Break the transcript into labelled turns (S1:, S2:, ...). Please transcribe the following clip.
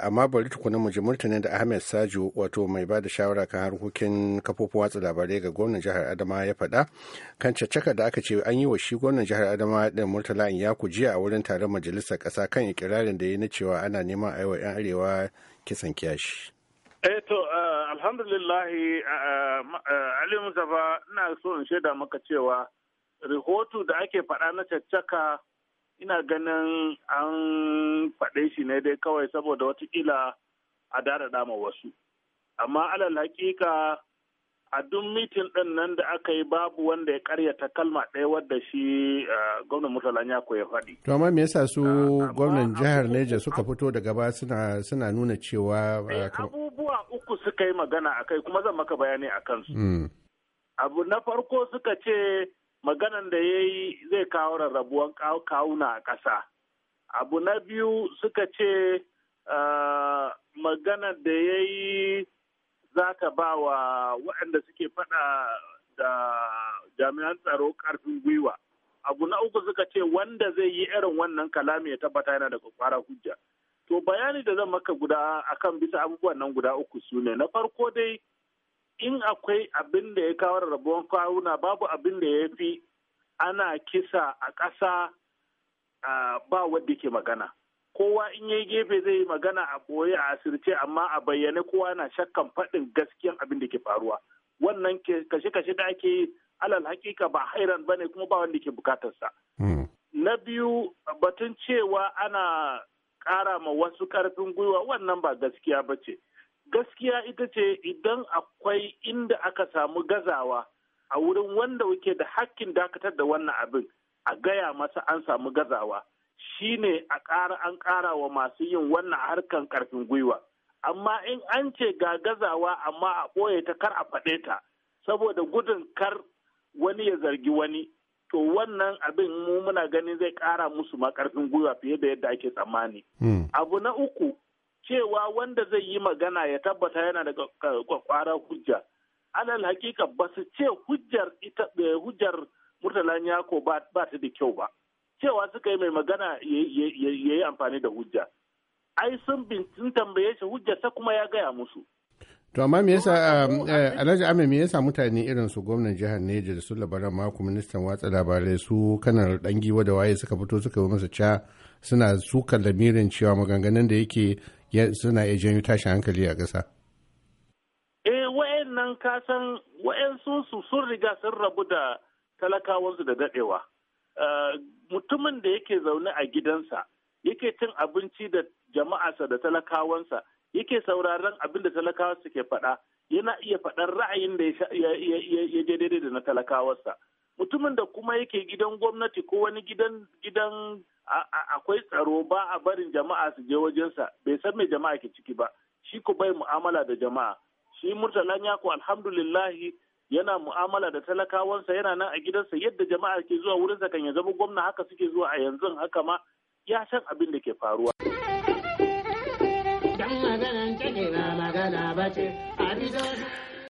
S1: amma bari tukuna mu ji ne da ahmed saju wato mai ba da shawara kan harkokin kafofin watsa labarai ga gwamnan jihar adama ya faɗa kan caccaka da aka ce an yi wa shi gwamnan jihar adama da murtala in ya jiya a wurin taron majalisar ƙasa kan ikirarin da ya na cewa ana neman wa 'yan arewa kisan kiyashi.
S2: eh to eh, alhamdulillah eh, eh, ali mustapha ina so in shaida maka cewa rahoto da ake faɗa na caccaka ina ganin an faɗe shi ne dai kawai saboda watakila a dara dama wasu amma alal hakika a duk mitin ɗin nan da aka yi babu wanda ya karyata kalma ɗaya wadda shi eh, gwamnan murtala ya faɗi.
S1: to amma me yasa su ah, gwamnan jihar neja suka fito da gaba suna nuna cewa ah, eh,
S2: abubuwa uku suka yi magana akai kuma zan maka bayani a kansu hmm. abu na farko suka ce maganan da ya yi zai kawo rarrabuwan kawuna a ƙasa abu na biyu suka ce ah, maganan da ya yi za ta ba wa waɗanda suke faɗa da jami'an tsaro ƙarfin gwiwa abu na uku suka ce wanda zai yi irin wannan kalami ya tabbata yana da kwakwara hujja to bayani da zan maka guda akan bisa abubuwan nan guda uku su ne na farko dai in akwai abin da ya kawo rabuwan kawuna babu abin da ya fi ana kisa a ƙasa ba wadda ke magana kowa in yi gefe zai yi magana a ɓoye a asirce amma a bayyane kowa na shakkan faɗin gaskiyan abin da ke faruwa wannan kashe-kashe da ake yi alal hakika ba hairan bane kuma ba wanda ke bukatarsa. Hmm. Na biyu batun cewa ana ƙara ma wasu ƙarfin gwiwa wannan ba gaskiya ba ce. gaskiya ita ce idan akwai inda aka samu gazawa a wurin wanda wuke da hakkin dakatar da wannan abin a gaya masa an samu gazawa shine a ƙara an ƙara wa masu yin wannan harkan ƙarfin gwiwa amma in an ce ga gazawa amma a ɓoye ta kar a faɗe ta saboda gudun kar wani ya zargi wani to wannan abin mu muna ganin zai ƙara musu ma ƙarfin gwiwa fiye da yadda ake tsammani hmm. abu na uku cewa wanda zai yi magana ya tabbata yana da kwakwaran hujja alal hakika ba su ce hujjar ita eh, hujjar murtala ba ta da kyau ba cewa suka yi mai magana ya yi amfani da hujja ai sun tambaye shi hujjar ta kuma ya gaya musu
S1: To amma me yasa um, eh, Alhaji Ahmed me yasa mutane irin su gwamnan jihar Neja da su labaran mako ministan watsa labarai su kanar giwa da waye suka fito suka yi masa ca suna suka lamirin cewa maganganun da yake suna iya janyo tashin hankali a ƙasa.
S2: Eh wayannan ka san wayansu su sun riga sun rabu da talakawansu da dadewa. Eh, mutumin da yake zaune a gidansa yake cin abinci da jama'arsa da talakawansa yake sauraron abin da talakawa suke faɗa yana iya faɗar ra'ayin da ya je daidai da na talakawarsa mutumin da kuma yake gidan gwamnati ko wani gidan gidan akwai tsaro ba a barin jama'a su je wajensa bai san mai jama'a ke ciki ba shi ku bai mu'amala da jama'a shi murtala ya ku alhamdulillahi yana mu'amala da talakawansa yana nan a gidansa yadda jama'a ke zuwa wurinsa kan ya zama gwamna haka suke zuwa a yanzu haka ma ya san abin da ke faruwa. maganan take na magana ba a